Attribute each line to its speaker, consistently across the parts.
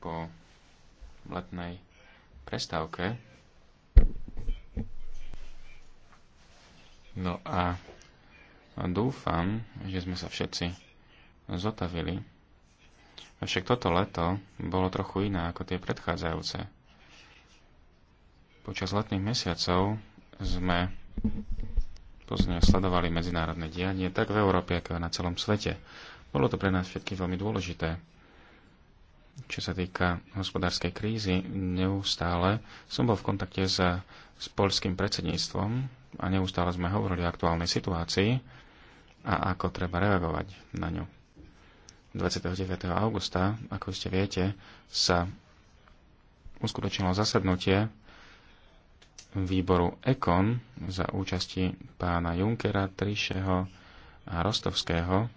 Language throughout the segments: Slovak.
Speaker 1: po letnej prestávke. No a dúfam, že sme sa všetci zotavili. Avšak toto leto bolo trochu iné ako tie predchádzajúce. Počas letných mesiacov sme pozne sledovali medzinárodné dianie tak v Európe, ako aj na celom svete. Bolo to pre nás všetky veľmi dôležité čo sa týka hospodárskej krízy, neustále som bol v kontakte s, s polským predsedníctvom a neustále sme hovorili o aktuálnej situácii a ako treba reagovať na ňu. 29. augusta, ako ste viete, sa uskutočnilo zasadnutie výboru EKON za účasti pána Junkera, Trišeho a Rostovského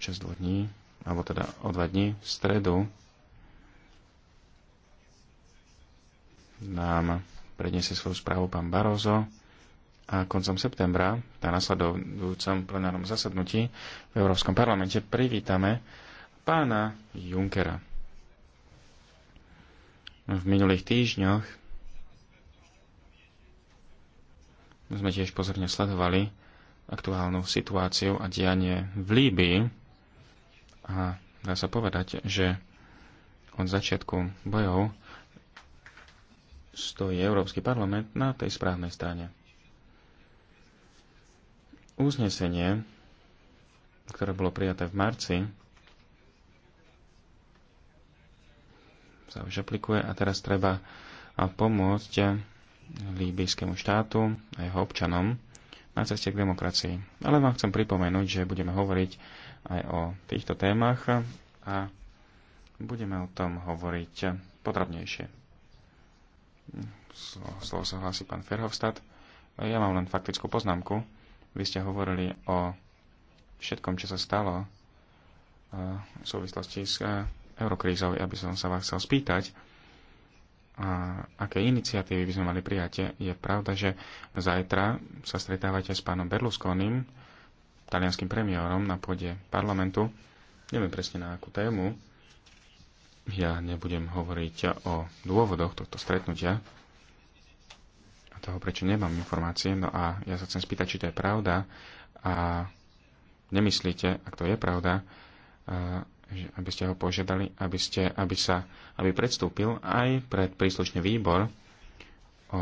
Speaker 1: počas dvoch dní, alebo teda o dva dní, v stredu nám predniesie svoju správu pán Barozo a koncom septembra na nasledujúcom plenárnom zasadnutí v Európskom parlamente privítame pána Junkera. V minulých týždňoch sme tiež pozorne sledovali aktuálnu situáciu a dianie v Líbii. A dá sa povedať, že od začiatku bojov stojí Európsky parlament na tej správnej strane. Uznesenie, ktoré bolo prijaté v marci, sa už aplikuje a teraz treba pomôcť líbyjskému štátu a jeho občanom na ceste k demokracii. Ale vám chcem pripomenúť, že budeme hovoriť aj o týchto témach a budeme o tom hovoriť podrobnejšie. Slovo sa hlási pán Ferhovstad. Ja mám len faktickú poznámku. Vy ste hovorili o všetkom, čo sa stalo eh, v súvislosti s eh, eurokrízou. Ja by som sa vás chcel spýtať, a aké iniciatívy by sme mali prijať. Je pravda, že zajtra sa stretávate s pánom Berlusconim, talianským premiérom na pôde parlamentu. Neviem presne na akú tému. Ja nebudem hovoriť o dôvodoch tohto stretnutia a toho, prečo nemám informácie. No a ja sa chcem spýtať, či to je pravda a nemyslíte, ak to je pravda, aby ste ho požiadali, aby, ste, aby, sa, aby predstúpil aj pred príslušný výbor, o,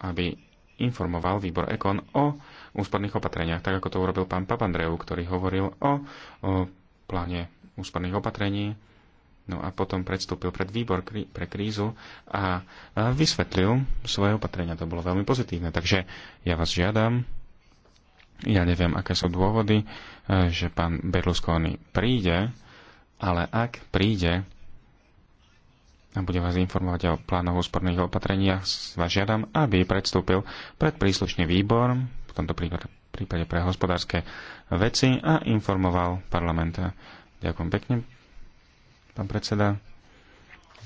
Speaker 1: aby informoval výbor Ekon o úsporných opatreniach, tak ako to urobil pán Papandreou, ktorý hovoril o, o pláne úsporných opatrení, no a potom predstúpil pred výbor krí, pre krízu a, a vysvetlil svoje opatrenia. To bolo veľmi pozitívne, takže ja vás žiadam, ja neviem, aké sú dôvody, e, že pán Berlusconi príde, ale ak príde a bude vás informovať o plánoch úsporných opatreniach, vás žiadam, aby predstúpil pred príslušný výbor, v tomto prípade pre hospodárske veci, a informoval parlament. Ďakujem pekne, pán predseda.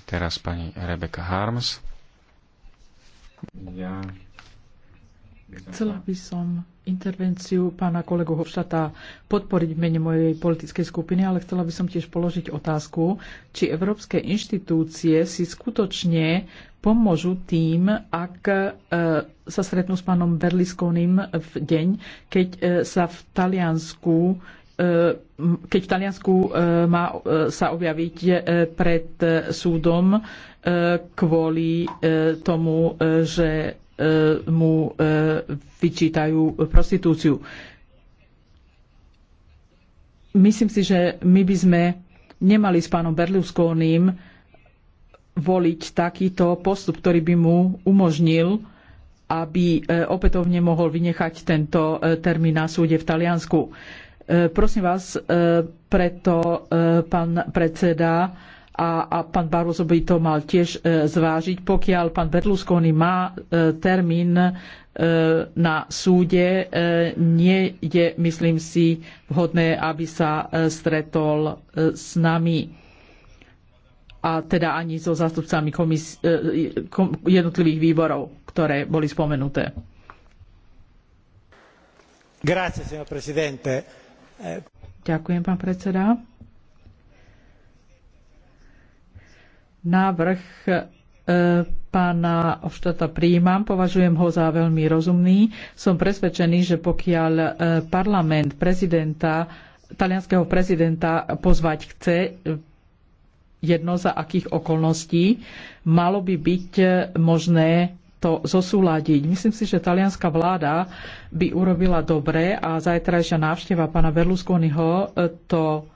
Speaker 1: Teraz pani Rebecca Harms. Ja...
Speaker 2: Chcela by som intervenciu pána kolegu Hovšata podporiť v mene mojej politickej skupiny, ale chcela by som tiež položiť otázku, či európske inštitúcie si skutočne pomôžu tým, ak e, sa stretnú s pánom Berlisconim v deň, keď e, sa v Taliansku e, keď v Taliansku má sa objaviť pred súdom kvôli tomu, že E, mu e, vyčítajú prostitúciu. Myslím si, že my by sme nemali s pánom Berlusconim voliť takýto postup, ktorý by mu umožnil, aby e, opätovne mohol vynechať tento termín na súde v Taliansku. Prosím vás, preto pán predseda a, a pán Barroso by to mal tiež e, zvážiť, pokiaľ pán Berlusconi má e, termín e, na súde, e, nie je, myslím si, vhodné, aby sa e, stretol e, s nami a teda ani so zástupcami komis- e, kom- jednotlivých výborov, ktoré boli spomenuté. Grazie, Ďakujem, pán predseda. Návrh e, pána Oštata príjmam, považujem ho za veľmi rozumný. Som presvedčený, že pokiaľ e, parlament prezidenta, talianského prezidenta pozvať chce, e, jedno za akých okolností, malo by byť možné to zosúľadiť. Myslím si, že talianská vláda by urobila dobre a zajtrajšia návšteva pána Berlusconiho to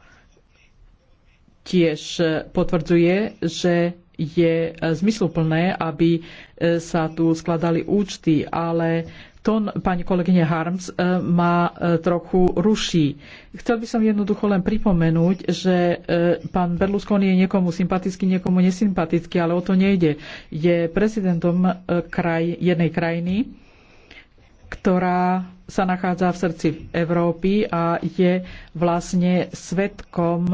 Speaker 2: tiež e, potvrdzuje, že je e, zmysluplné, aby e, sa tu skladali účty, ale tón pani kolegyne Harms ma trochu ruší. Chcel by som jednoducho len pripomenúť, že pán Berlusconi je niekomu sympatický, niekomu nesympatický, ale o to nejde. Je prezidentom kraj, jednej krajiny, ktorá sa nachádza v srdci Európy a je vlastne svetkom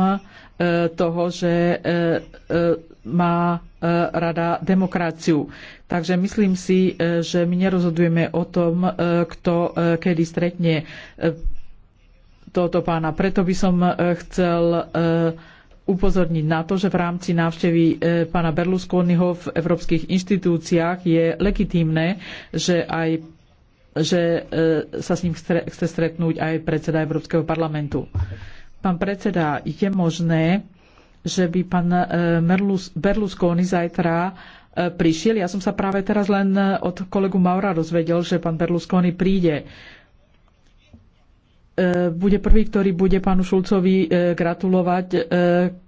Speaker 2: toho, že e, e, má e, rada demokraciu. Takže myslím si, že my nerozhodujeme o tom, kto kedy stretne tohoto pána. Preto by som chcel upozorniť na to, že v rámci návštevy pána Berlusconiho v európskych inštitúciách je legitímne, že aj že sa s ním chce stretnúť aj predseda Európskeho parlamentu. Pán predseda, je možné, že by pán e, Berlusconi zajtra e, prišiel. Ja som sa práve teraz len e, od kolegu Maura dozvedel, že pán Berlusconi príde. Bude prvý, ktorý bude pánu Šulcovi gratulovať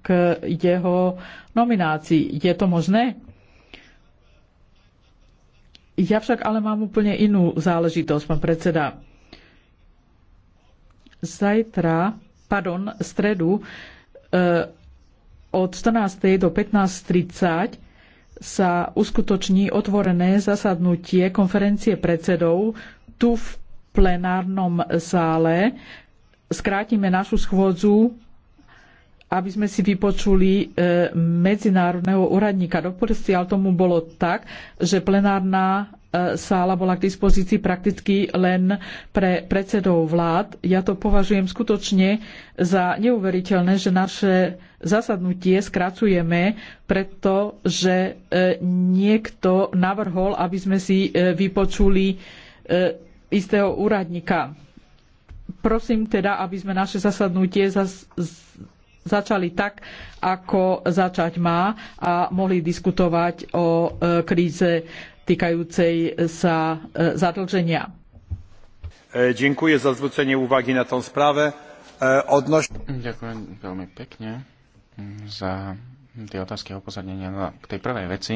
Speaker 2: k jeho nominácii. Je to možné? Ja však ale mám úplne inú záležitosť, pán predseda. Zajtra pardon, stredu eh, od 14. do 15.30 sa uskutoční otvorené zasadnutie konferencie predsedov tu v plenárnom sále. Skrátime našu schôdzu, aby sme si vypočuli eh, medzinárodného úradníka. Doposiaľ tomu bolo tak, že plenárna sála bola k dispozícii prakticky len pre predsedov vlád. Ja to považujem skutočne za neuveriteľné, že naše zasadnutie skracujeme, pretože e, niekto navrhol, aby sme si e, vypočuli e, istého úradníka. Prosím teda, aby sme naše zasadnutie začali tak, ako začať má a mohli diskutovať o kríze týkajúcej sa e, zadlženia. E, dziękuję za zwrócenie uwagi na tą sprawę.
Speaker 1: E, Odnoś... Ďakujem veľmi pekne mm, za tie otázky a upozornenia. No, k tej prvej veci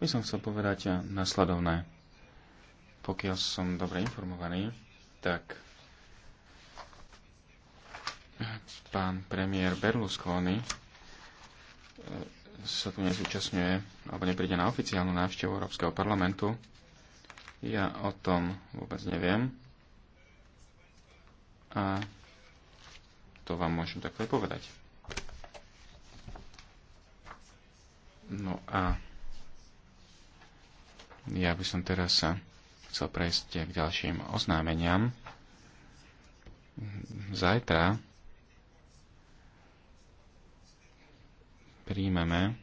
Speaker 1: by som chcel povedať nasledovné. Pokiaľ som dobre informovaný, tak pán premiér Berlusconi sa tu nezúčastňuje alebo nepríde na oficiálnu návštevu Európskeho parlamentu. Ja o tom vôbec neviem. A to vám môžem takto aj povedať. No a ja by som teraz sa chcel prejsť k ďalším oznámeniam. Zajtra príjmeme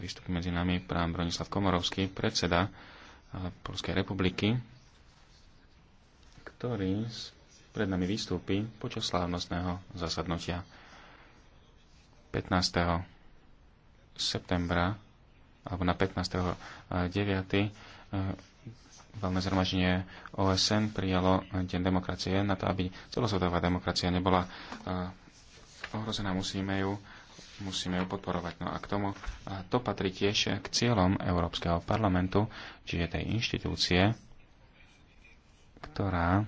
Speaker 1: výstup medzi nami pán Bronislav Komorovský, predseda Polskej republiky, ktorý pred nami vystúpi počas slávnostného zasadnutia 15. septembra alebo na 15. 9. veľné zhromaždenie OSN prijalo Deň demokracie na to, aby celosvetová demokracia nebola ohrozená. Musíme ju musíme ju podporovať. No a k tomu a to patrí tiež k cieľom Európskeho parlamentu, čiže tej inštitúcie, ktorá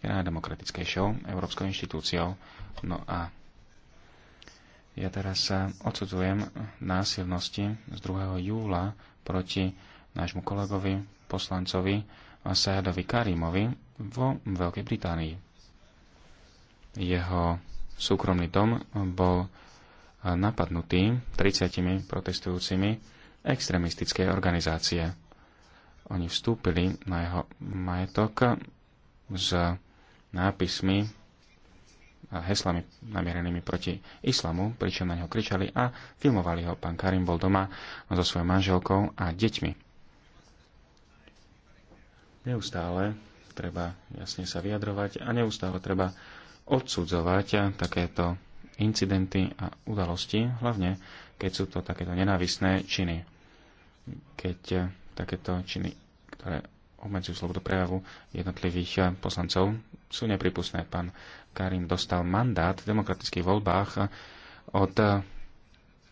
Speaker 1: je najdemokratickejšou európskou inštitúciou. No a ja teraz sa odsudzujem násilnosti z 2. júla proti nášmu kolegovi, poslancovi Sajadovi Karimovi vo Veľkej Británii. Jeho súkromný dom bol napadnutý 30 protestujúcimi extremistické organizácie. Oni vstúpili na jeho majetok s nápismi a heslami namierenými proti islamu, pričom na neho kričali a filmovali ho. Pán Karim bol doma so svojou manželkou a deťmi. Neustále treba jasne sa vyjadrovať a neustále treba odsudzovať takéto incidenty a udalosti, hlavne keď sú to takéto nenávisné činy. Keď eh, takéto činy, ktoré obmedzujú slobodu prejavu jednotlivých eh, poslancov, sú nepripustné. Pán Karim dostal mandát v demokratických voľbách eh, od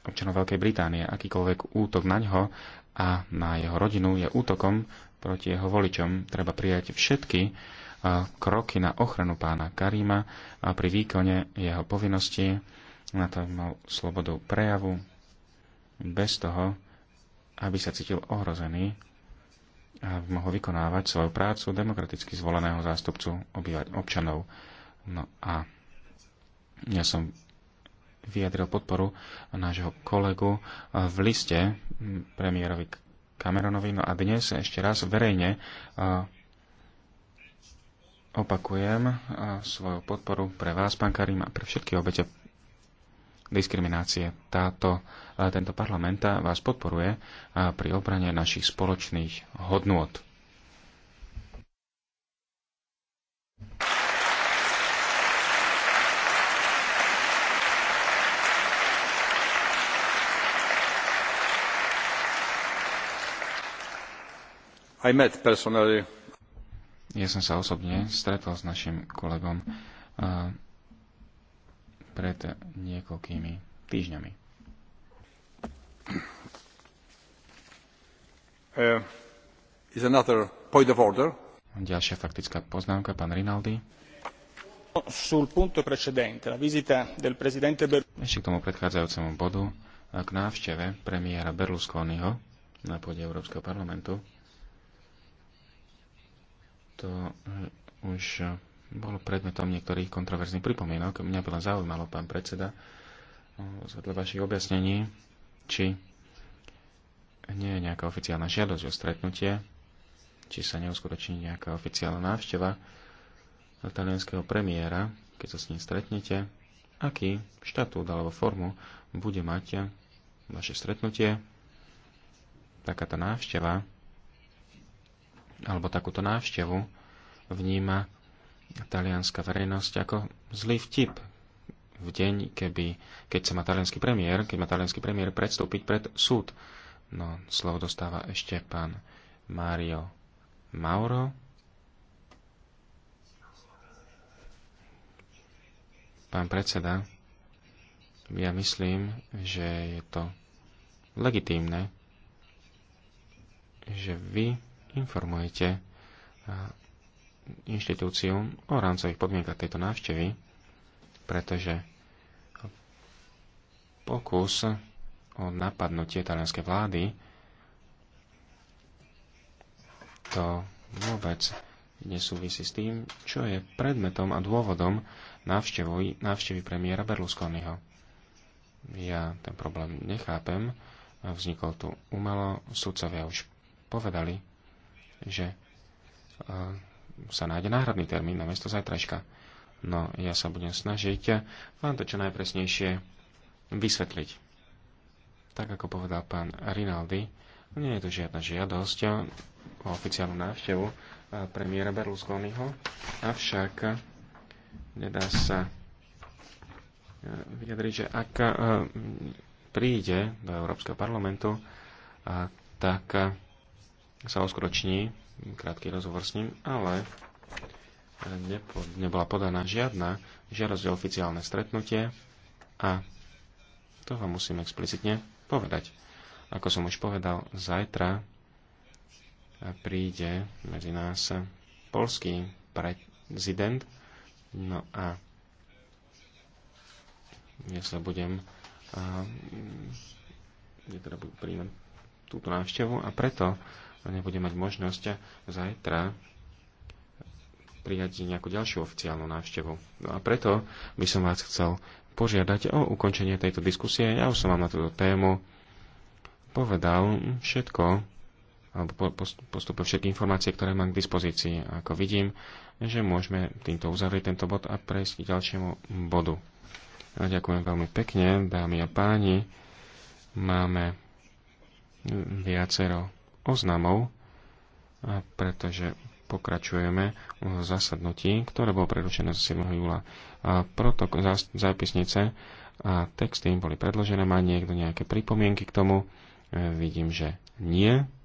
Speaker 1: občanov Veľkej Británie. Akýkoľvek útok na ňo a na jeho rodinu je útokom proti jeho voličom. Treba prijať všetky kroky na ochranu pána Karima a pri výkone jeho povinnosti na to mal slobodu prejavu bez toho, aby sa cítil ohrozený a mohol vykonávať svoju prácu demokraticky zvoleného zástupcu obývať občanov. No a ja som vyjadril podporu nášho kolegu v liste premiérovi Cameronovi. No a dnes ešte raz verejne Opakujem svoju podporu pre vás, pán Karim, a pre všetky obete diskriminácie. Táto, tento parlament vás podporuje pri obrane našich spoločných hodnôt. I met personally ja som sa osobne stretol s našim kolegom pred niekoľkými týždňami.
Speaker 2: Uh, is another point of order.
Speaker 1: Ďalšia faktická poznámka, pán Rinaldi. Sul punto precedente, la visita del presidente Ber... Ešte k tomu predchádzajúcemu bodu, k návšteve premiéra Berlusconiho na pôde Európskeho parlamentu to eh, už eh, bolo predmetom niektorých kontroverzných pripomienok. Mňa by len zaujímalo, pán predseda, eh, zvedle vašich objasnení, či nie je nejaká oficiálna žiadosť o stretnutie, či sa neuskutoční nejaká oficiálna návšteva talianského premiéra, keď sa s ním stretnete, aký štatút alebo formu bude mať vaše stretnutie, takáto návšteva alebo takúto návštevu vníma talianská verejnosť ako zlý vtip v deň, keby, keď sa má talianský premiér, keď má talianský premiér predstúpiť pred súd. No, slovo dostáva ešte pán Mario Mauro. Pán predseda, ja myslím, že je to legitímne, že vy informujete eh, inštitúciu o rámcových podmienkach tejto návštevy, pretože pokus o napadnutie talianskej vlády to vôbec nesúvisí s tým, čo je predmetom a dôvodom návštevy, návštevy premiéra Berlusconiho. Ja ten problém nechápem. Vznikol tu umelo, sudcovia už povedali, že e, sa nájde náhradný termín na miesto zajtrajška. No ja sa budem snažiť vám to čo najpresnejšie vysvetliť. Tak ako povedal pán Rinaldi, nie je to žiadna žiadosť o oficiálnu návštevu e, premiéra Berlusconiho, avšak e, nedá sa vyjadriť, že ak príde do Európskeho parlamentu, tak sa oskroční krátky rozhovor s ním, ale e, nepo, nebola podaná žiadna žiadosť o oficiálne stretnutie a to vám musím explicitne povedať. Ako som už povedal, zajtra príde medzi nás polský prezident. No a ja sa budem a, ja teda príjmem túto návštevu a preto plne mať možnosť zajtra prijať nejakú ďalšiu oficiálnu návštevu. No a preto by som vás chcel požiadať o ukončenie tejto diskusie. Ja už som vám na túto tému povedal všetko, alebo postupil všetky informácie, ktoré mám k dispozícii. A ako vidím, že môžeme týmto uzavrieť tento bod a prejsť k ďalšiemu bodu. A no, ďakujem veľmi pekne, dámy a páni. Máme viacero oznamov, pretože pokračujeme v zasadnutí, ktoré bolo prerušené z 7. júla. Protok zápisnice a texty im boli predložené. Má niekto nejaké pripomienky k tomu? E, vidím, že nie.